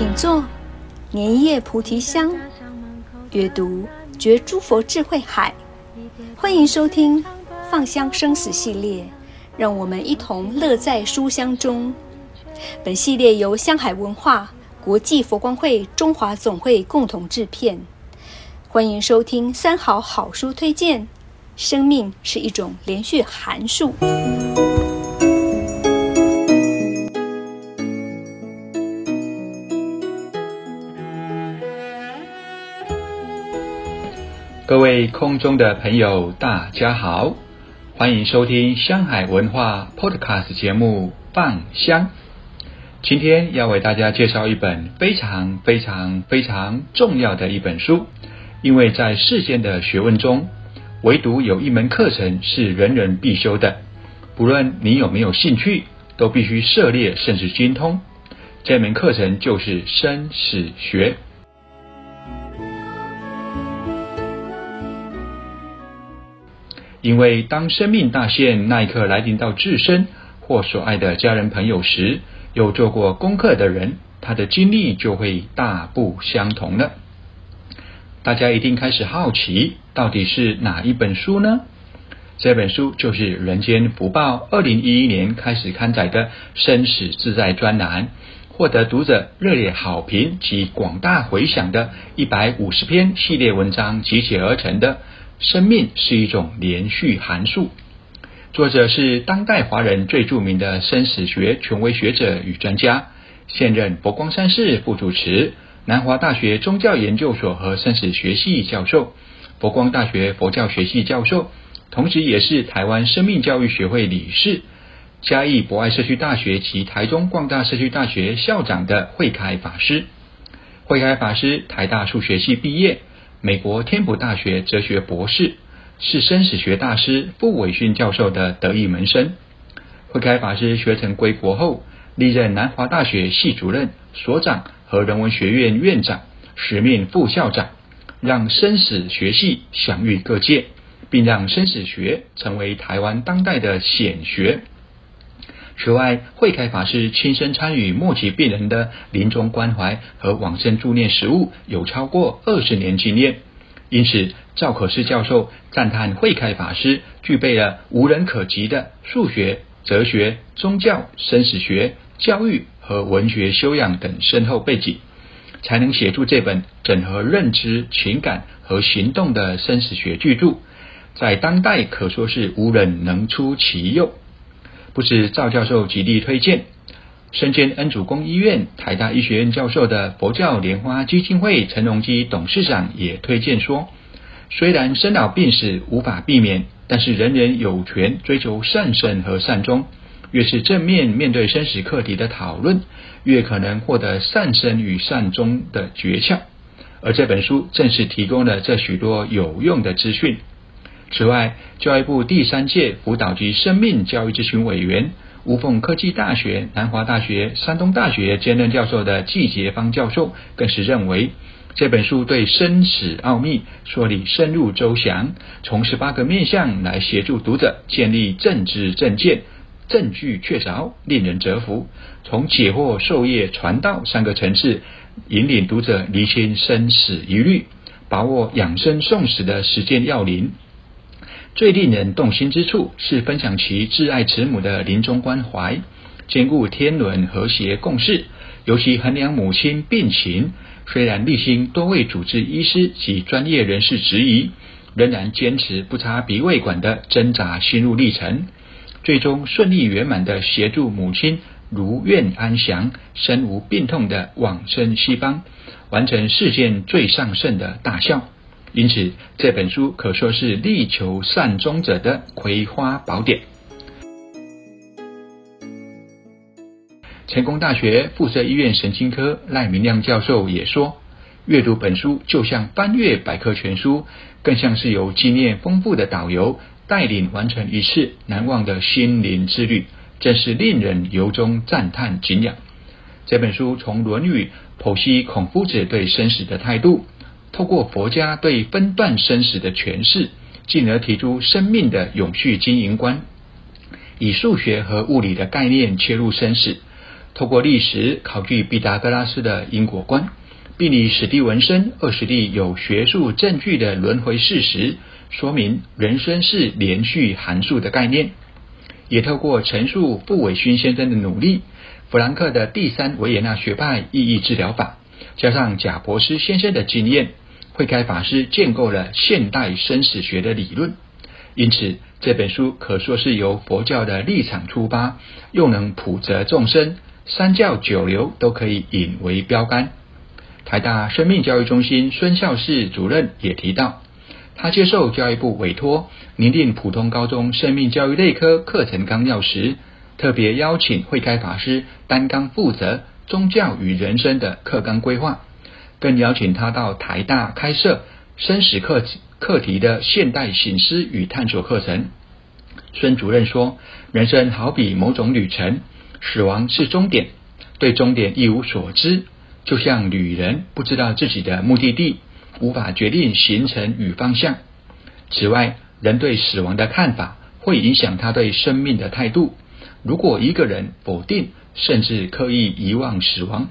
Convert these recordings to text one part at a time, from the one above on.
請坐，蓮葉菩提香，閱讀覺諸佛智慧海。歡迎收聽《Fun 香生死》系列，讓我們一同樂在書香中。本系列由香海文化國際佛光會中華總會共同制片。歡迎收聽三好好書推薦，《生命是一種連續函數》。各位空中的朋友，大家好，歡迎收聽香海文化 Podcast 節目《Fun 香》。今天要為大家介紹一本非常非常非常重要的一本書，因為在世間的學問中，唯獨有一門課程是人人必修的，不論你有沒有興趣，都必須涉獵甚至精通。這門課程就是生死學。因為當生命大限那一刻來臨到自身或所愛的家人朋友時，有做過功課的人，他的經歷就會大不相同了。大家一定開始好奇，到底是哪一本書呢？這本書就是《人間福報》二零一一年開始刊載的“生死自在”專欄，獲得讀者熱烈好評及廣大回響的一百五十篇系列文章集結而成的。生命是一種連續函數。作者是當代華人最著名的生死學權威學者與專家，現任佛光山寺副主持、南華大學宗教研究所和生死學系教授、佛光大學佛教學系教授，同時也是臺灣生命教育學會理事、嘉義博愛社區大學及台中光大社區大學校長的慧開法師。慧開法師，台大數學系畢業。美國天普大學哲學博士，是生死學大師傅偉勳教授的得意門生。慧開法師學成歸國後，歷任南華大學系主任、所長和人文學院院長、實命副校長，讓生死學系享譽各界，並讓生死學成為台灣當代的顯學。此外，慧開法師親身參與末期病人的臨終關懷和往生助念實務，有超過二十年經驗。因此，趙可式教授讚嘆慧開法師具備了無人可及的數學、哲學、宗教、生死學、教育和文學修養等深厚背景，才能寫出這本整合認知、情感和行動的生死學巨著，在當代可說是無人能出其右。不是趙教授極力推薦，身兼恩主公醫院、台大醫學院教授的佛教蓮花基金會陳榮基董事長也推薦說，雖然生老病死無法避免，但是人人有權追求善生和善終。越是正面面對生死課題的討論，越可能獲得善生與善終的訣竅。而這本書正是提供了這許多有用的資訊。此外，教育部第三屆輔導及生命教育諮詢委員、吳鳳科技大學、南華大學、山東大學兼任教授的紀潔芳教授，更是認為這本書對生死奧秘說理深入周詳，從十八個面向來協助讀者建立正知正見，證據確鑿，令人折服。從解惑、授業、傳道三個層次，引領讀者釐清生死疑慮，把握養生送死的實踐要領。最令人動心之處是分享其摯愛慈母的臨終關懷，兼顧天倫和諧共事，尤其衡量母親病情，雖然歷經多位主治醫師及專業人士質疑，仍然堅持不插鼻胃管的掙扎心路歷程，最終順利圓滿地協助母親如願安詳，身無病痛地往生西方，完成世間最上聖的大孝。因此，這本書可說是力求善終者的葵花寶典。成功大學附設醫院神經科賴明亮教授也說：“閱讀本書就像翻閱百科全書，更像是由經驗豐富的導遊帶領完成一次難忘的心靈之旅，真是令人由衷讚嘆景仰。”這本書從《論語》剖析孔夫子對生死的態度。透過佛家對分段生死的詮釋，進而提出生命的永續經營觀；以數學和物理的概念切入生死；透過歷史考據畢達哥拉斯的因果觀，並以史蒂文森、二十例有學術證據的輪迴事實，說明人生是連續函數的概念；也透過陳述傅偉勳先生的努力、弗蘭克的第三維也納學派意義治療法，加上賈伯斯先生的經驗。慧開法師建構了現代生死學的理論，因此這本書可說是由佛教的立場出發，又能普澤眾生，三教九流都可以引為標杆。台大生命教育中心孫效智主任也提到，他接受教育部委托擬定普通高中生命教育類科課程綱要時，特別邀請慧開法師擔綱負責宗教與人生的課綱規劃。更邀請他到台大開設生死課課題的現代省思與探索課程。孫主任說：“人生好比某種旅程，死亡是終點，對終點一無所知，就像旅人不知道自己的目的地，無法決定行程與方向。此外，人對死亡的看法會影響他對生命的態度。如果一個人否定甚至刻意遺忘死亡，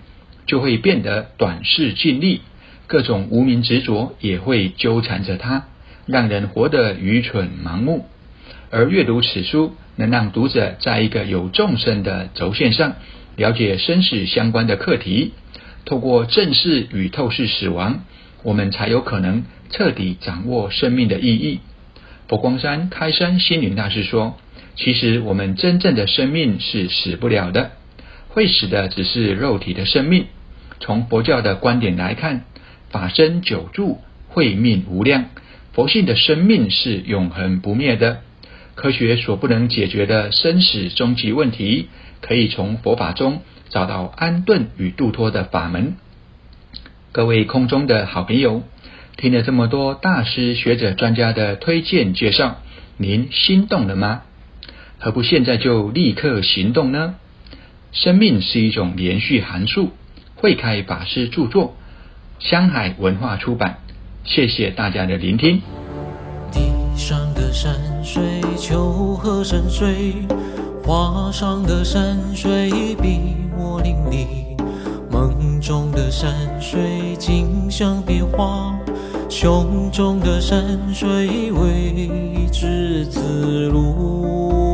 就會變得短視近利，各種無明執着也會糾纏着他，讓人活得愚蠢、盲目。而閱讀此書，能讓讀者在一個有縱深的軸線上，了解生死相關的課題。透過正視與透視死亡，我們才有可能徹底掌握生命的意義。佛光山開山星雲大師說：“其實我們真正的生命是死不了的，會死的只是肉體的生命。”從佛教的觀點來看，法身久住，慧命無量。佛性的生命是永恆不滅的。科學所不能解決的生死終極問題，可以從佛法中找到安頓與度脫的法門。各位空中的好朋友，聽了這麼多大師、學者、專家的推薦介紹，您心動了嗎？何不現在就立刻行動呢？生命是一種連續函數。匯開法師著作，香海文化出版。謝謝大家的聆聽。地上的山水，丘壑深邃；畫上的山水，筆墨淋漓；夢中的山水，景象變幻；胸中的山水，位置自如。